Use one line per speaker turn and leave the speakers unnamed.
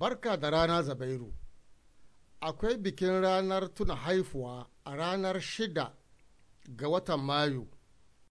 Barka da rana Zabairu. Akwai bikin ranar tuna haifuwa a ranar shida ga watan Mayu.